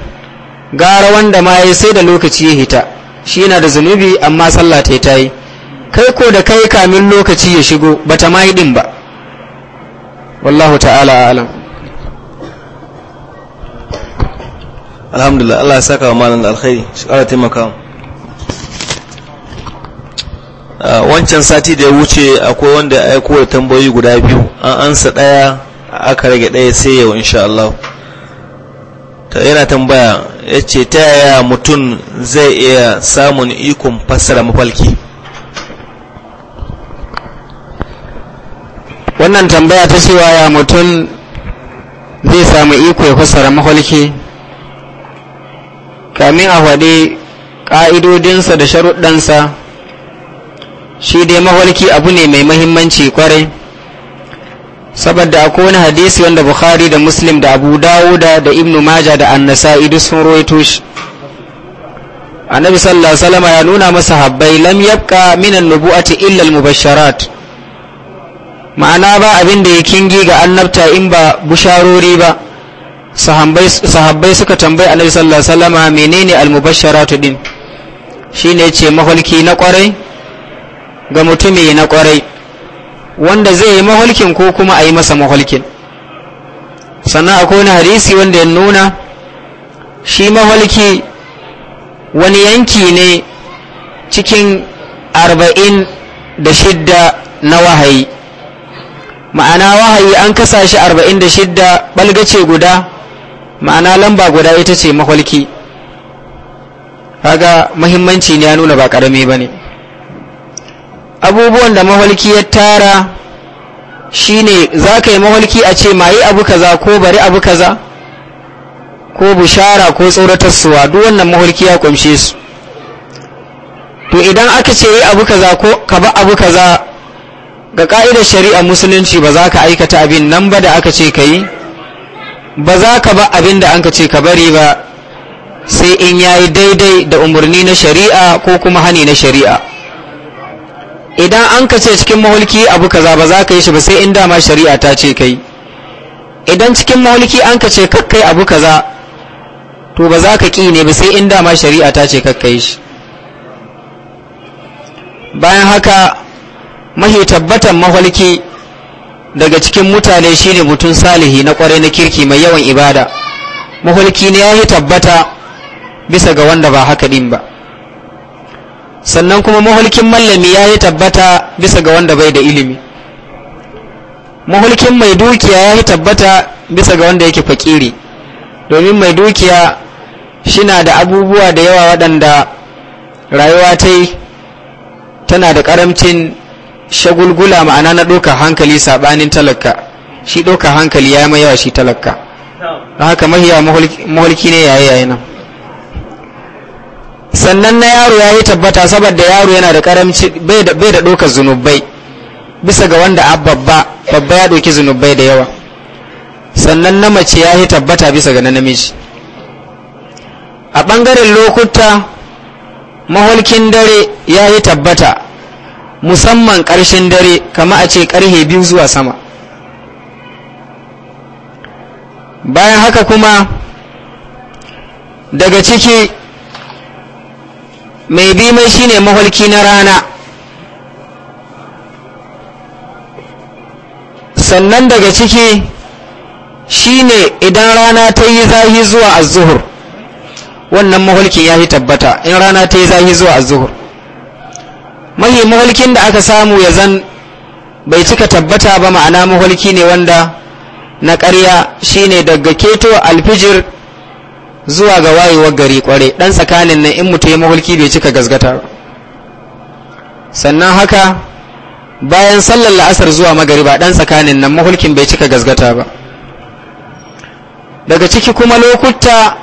gara wanda ma ya sai da lokaci ya hita shi yana da zunubi amma sallah ta yi ta yi kai ko da kai kamin lokaci ya shigo ba ta ma yi din ba wallahu ta'ala alam alhamdulillah Allah ya saka wa malam da alkhairi shi ƙara taimaka wancan sati da ya wuce akwai wanda ya aiko da tambayoyi guda biyu an ansa ɗaya aka rage daya sai yau insha Allah ta yana tambaya ya ce ta yaya mutum zai iya samun ikon fassara mafalki wannan tambaya ta cewa ya mutum zai samu iko ya fassara maholki kamin a faɗi ƙa'idodinsa da sharuɗansa shi dai maholki abu ne mai mahimmanci kwarai saboda akwai wani hadisi wanda bukhari da muslim da abu dawuda da ibnu maja da annasa'i duk sun roito shi annabi sallallahu alaihi ya nuna masa habbai lam yabqa minan nubu'ati illa al-mubasharat ma'ana ba abin da ya kingi ga annabta in ba busharori ba sahabbai suka tambayi annabi sallallahu alaihi wasallam menene almubasharatu din shine ce maholki na kwarai ga mutumi na kwarai wanda zai yi maholkin ko kuma a yi masa maholkin sannan akwai wani hadisi wanda ya nuna shi maholki wani yanki ne cikin arba'in da shidda na wahayi ma'ana wahayi an kasa shi 46 balgace guda ma'ana lamba guda ita ce mahwalki kaga muhimmanci ne ya nuna ba karami bane abubuwan da mahwalki ya tara shine za ka yi mahwalki a ce mayi abu kaza ko bari abu kaza ko bushara ko tsoratarsuwa duk wannan mahwalki ya kumshe su to idan aka ce yi abu kaza ko ka ba abu kaza ga ka'idar shari'ar musulunci ba za ka aikata abin nan ba da aka ce ka yi ba za ka ba abin da an ka ce ka bari ba sai in ya yi daidai da umarni na shari'a ko kuma hani na shari'a idan an ka ce cikin mahulki abu kaza ba za ka yi shi ba sai in dama shari'a ta ce kai idan cikin mahulki an ka ce kakkai abu kaza to ba za ka ƙi ne ba sai in dama shari'a ta ce kakkai shi bayan haka mahi tabbatan mahalki daga cikin mutane shine mutum salihi na kwarai na kirki mai yawan ibada mahalki ne ya yi tabbata bisa ga wanda ba haka din ba sannan kuma mahalkin mallami ya yi tabbata bisa ga wanda bai da ilimi Mahulkin mai dukiya ya yi tabbata bisa ga wanda yake fakiri domin mai dukiya shina da abubuwa da yawa waɗanda rayuwa ta tana da ƙaramcin shagulgula ma'ana na ɗaukar hankali saɓanin talaka shi ɗaukar hankali ya mai yawa shi talaka don haka mahiya mahulki ne yayi yayi nan sannan na yaro ya yi tabbata saboda yaro yana da karamci bai da ɗaukar zunubai bisa ga wanda a babba babba ya ɗauki zunubai da yawa sannan na mace ya yi tabbata bisa ga na namiji a ɓangaren lokuta maholkin dare ya yi tabbata musamman ƙarshen dare kama a ce ƙarhe biyu zuwa sama bayan haka kuma daga ciki mai bi mai shine maholki na rana sannan daga ciki shine idan rana ta yi zahi zuwa azuhur wannan maholkin ya yi tabbata in rana ta yi zahi zuwa azuhur mahi muhalkin da aka samu ya zan bai cika tabbata ba ma'ana muhalki ne wanda na ƙarya shine daga keto alfijir zuwa ga wayewar gari kware dan tsakanin nan in mutu ya muhalki bai cika gasgata ba sannan haka bayan sallar la'asar zuwa magariba dan tsakanin nan mahulkin bai cika gasgata ba daga ciki kuma lokuta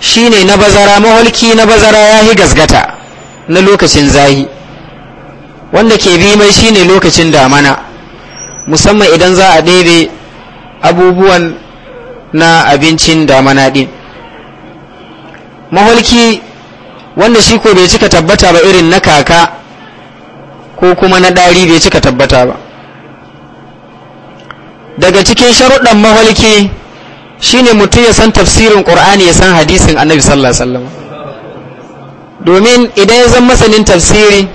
shine na bazara mahulki na bazara ya yi gasgata na lokacin zahi wanda ke bi mai shine lokacin damana musamman idan za a ɗebe abubuwan na abincin damana ɗin maholki wanda shi ko bai cika tabbata ba irin na kaka ko kuma na ɗari bai cika tabbata ba daga cikin sharuɗan maholki shine mutum ya san tafsirin ƙur'ani ya san hadisin annabi sallallahu alaihi wasallam domin idan ya zan masanin tafsiri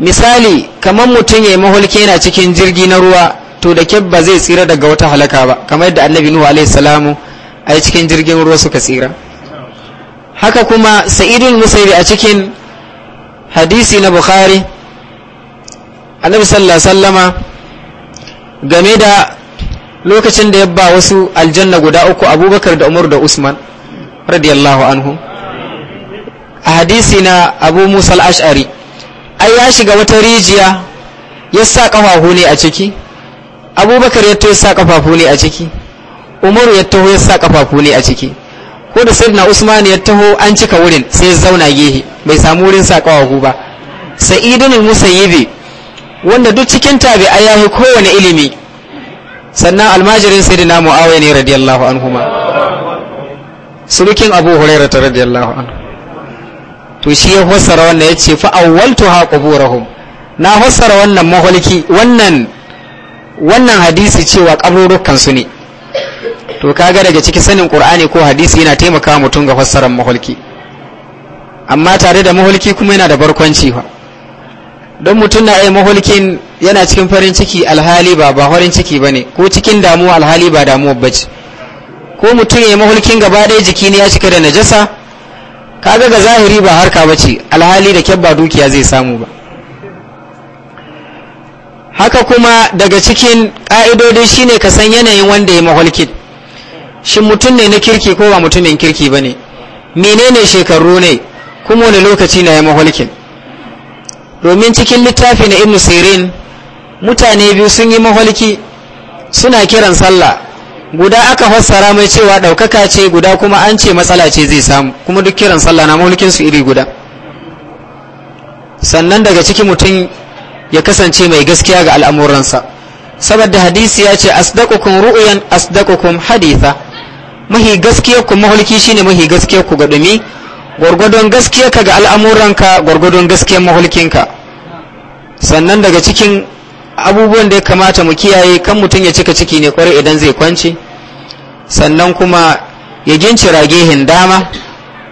misali kamar mutum ya yi mahulki yana cikin jirgi na ruwa to da kyabba zai tsira daga wata halaka ba kamar yadda annabi nuhu alaihi salamu a cikin jirgin ruwa suka tsira haka kuma sa'idul musairi a cikin hadisi na bukhari annabi sallallahu sallama game da lokacin da ya ba wasu aljanna guda uku abubakar da umar da usman radiyallahu anhu a hadisi na abu musa ashari ai ya shiga wata rijiya ya sa kafafu ne a ciki abubakar ya ya sa kafafu ne a ciki umaru ya taho ya sa kafafu ne a ciki ko da sayyidina usman ya taho an cika wurin sai ya zauna gehe bai samu wurin sa kafafu ba sa'idun musayyibi wanda duk cikin tabi ya yi kowane ilimi sannan almajirin sayyidina muawiya ne radiyallahu anhuma sulukin abu hurairah radiyallahu anhu to shi ya fassara wannan ya ce fa'awwaltu ha quburahum na fassara wannan maholki wannan hadisi cewa ƙabrurukansu su ne to kaga daga cikin sanin ƙur'ani ko hadisi yana taimaka mutum ga fassarar maholki amma tare da maholki kuma yana da barkwanci ba don mutum na iya maholkin yana cikin farin ciki alhali ba ba farin ciki ba ne. ko cikin damuwa alhali ba damuwa bace ko mutum ya yi maholkin gaba ɗaya jiki ne ya cika da najasa kaga ga zahiri ba harka ba ce alhali da kyabba dukiya zai samu ba haka kuma daga cikin ƙa'idodin shine ka san yanayin wanda ya mahulkin shin mutum ne na kirki ko ba mutumin kirki ba ne menene shekaru ne kuma wani lokaci na ya mahulkin domin cikin littafi na ibn sirin mutane biyu sun yi maholki suna kiran sallah guda aka fassara mai cewa ɗaukaka ce guda kuma an ce matsala ce zai samu kuma duk kiran sallah na mulkinsu iri guda sannan daga ciki mutum ya kasance mai gaskiya ga al'amuransa saboda hadisi ya ce asdaqukum ru'yan asdaqukum haditha mahi gaskiyar ku mahulki shine mahi gaskiyar ku ga dumi gwargwadon gaskiyar ka ga al'amuranka gwargwadon gaskiyar mahulkinka sannan daga cikin abubuwan da ya kamata mu kiyaye kan mutum ya cika ciki ne kwarai idan zai kwance sannan kuma ya gincira gehen dama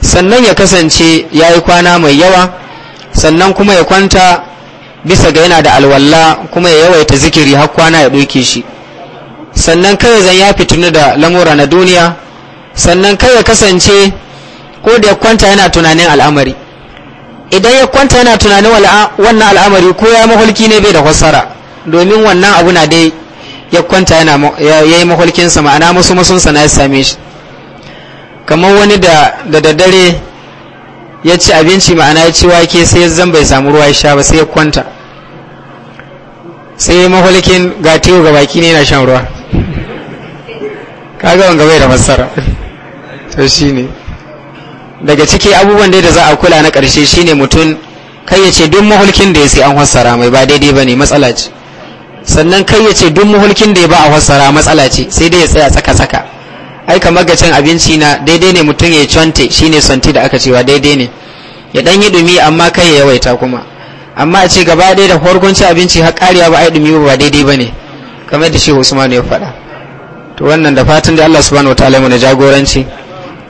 sannan ya kasance ya yi kwana mai yawa sannan kuma ya kwanta bisa ga yana da alwalla kuma ya yawaita zikiri har kwana ya ɗauke shi sannan kai zan ya tuni da lamura na duniya sannan kai ya kasance ko da ya kwanta yana tunanin al'amari idan ya kwanta yana tunanin wannan al'amari ko ya maholki ne bai da fassara domin wannan abu na dai ya kwanta ya yi mahulkinsa ma'ana musu musunsa na ya same shi kamar wani da da daddare ya ci abinci ma'ana ya ci wake sai ya zan bai samu ruwa ya sha ba sai ya kwanta sai mahulkin ga tiyo ga baki ne na shan ruwa kaga wanga bai da fassara to shine daga ciki abubuwan da za a kula na shi shine mutum kai ya ce duk mahulkin da ya sai an hasara mai ba daidai ba ne matsala ce sannan kai ya ce duk muhulkin da ya ba a fassara matsala ce sai dai ya tsaya tsaka-tsaka ai kamar ga cin abinci na daidai ne mutum ya cwante ne santi da aka cewa daidai ne ya dan yi dumi amma kai ya yawaita kuma amma a ce gaba ɗaya da farkon abinci har ƙariya ba ai dumi ba daidai ba ne kamar da shehu usman ya faɗa to wannan da fatan da Allah subhanahu wa mu na jagoranci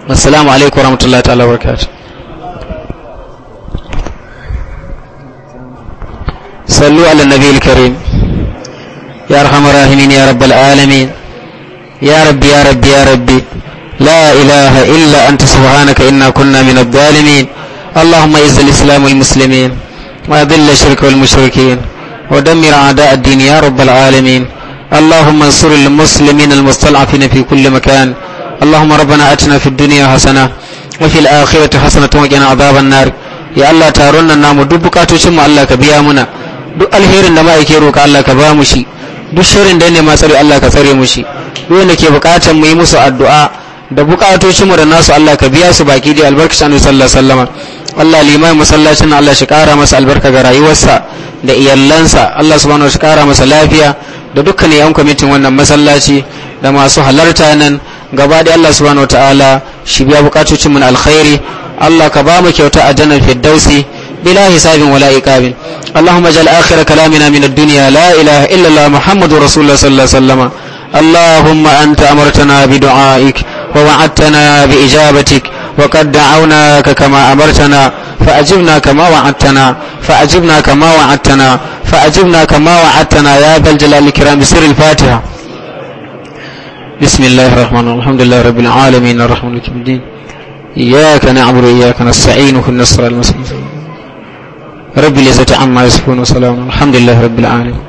assalamu alaikum warahmatullahi ta'ala barakatuh صلوا على النبي الكريم يا أرحم الراحمين يا رب العالمين يا رب يا رب يا ربي لا إله إلا أنت سبحانك إنا كنا من الظالمين اللهم اعز الإسلام والمسلمين وأذل الشرك والمشركين ودمر أعداء الدين يا رب العالمين اللهم انصر المسلمين المستضعفين في كل مكان اللهم ربنا أتنا في الدنيا حسنة وفي الآخرة حسنة وقنا عذاب النار يا الله تارنا نام دبكاتو شم الله كبيامنا دو الهير النمائك يروك الله كبامشي duk shirin da ne ma tsare Allah ka tsare mu shi duk wanda ke bukatan mu yi musu addu'a da bukatocin mu da nasu Allah ka biya su baki da albarkacin Annabi sallallahu alaihi wasallam Allah limai masallacin Allah shi kara masa albarka ga rayuwarsa da iyalansa Allah subhanahu wa ta'ala kara masa lafiya da dukkan yan kwamitin wannan masallaci da masu halarta nan gaba da Allah subhanahu wa ta'ala shi biya bukatocin mu na alkhairi Allah ka ba mu kyauta a jannar firdausi بلا حساب ولا عقاب اللهم اجعل آخر كلامنا من الدنيا لا إله إلا الله محمد رسول الله صلى الله عليه وسلم اللهم أنت أمرتنا بدعائك ووعدتنا بإجابتك وقد دعوناك كما أمرتنا فأجبنا كما وعدتنا فأجبنا كما وعدتنا فأجبنا كما وعدتنا يا ذا الجلال الكرام بسر الفاتحة بسم الله الرحمن الرحيم الحمد لله رب العالمين الرحمن الرحيم إياك نعبد وإياك نستعين وكن نصر المسلمين rabbil izzati amma yasifun wa salamun alhamdulillahi rabbil alamin